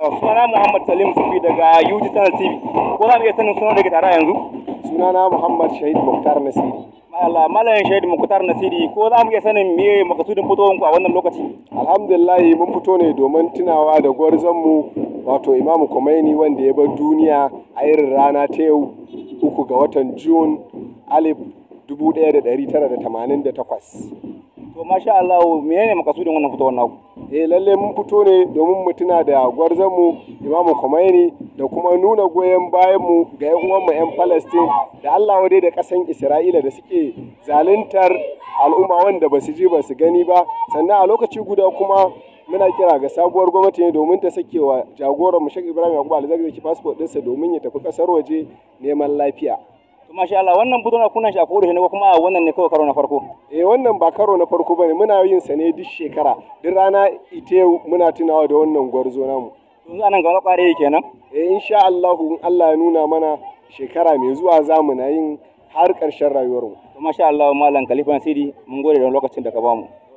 Sunana Muhammad Salim Sufi daga UG Channel TV. Ko za mu iya sanin sunan da ke tare yanzu? Sunana Muhammad Shahid Mukhtar Nasiri. Allah malayin Shahid Mukhtar Nasiri ko za mu iya sanin me makasudin fitowar ku a wannan lokaci? Alhamdulillah mun fito ne domin tunawa da gwarzon mu wato Imam Khomeini wanda ya bar duniya a irin rana ta yau uku ga watan June alif dubu ɗaya da da da tara tamanin takwas. To masha Allah menene makasudin wannan fitowar naku? Eh lalle mun fito ne domin mu tuna da gwarzon mu Imam Khomeini da kuma nuna goyon bayan mu ga yan uwan mu yan Palestine da Allah dai da kasan Isra'ila da suke zaluntar al'umma wanda ba su ji ba su gani ba sannan a lokaci guda kuma muna kira ga sabuwar gwamnati ne domin ta sake wa jagoran mu Sheikh Ibrahim Yakubu ke passport ɗinsa domin ya tafi kasar waje neman lafiya. Masha Allah wannan budurwa kuna shi a kore ne ko kuma wannan ne kawai karo na farko? Eh wannan ba karo na farko bane muna yin sa ne duk shekara duk rana ite muna tunawa da wannan gwarzo namu. Yanzu anan gaba kware kenan? Eh insha Allah in Allah ya nuna mana shekara mai zuwa za mu na yin har ƙarshen rayuwarmu. Masha Allah mallam Khalifa Sidi mun gode da lokacin da ka bamu.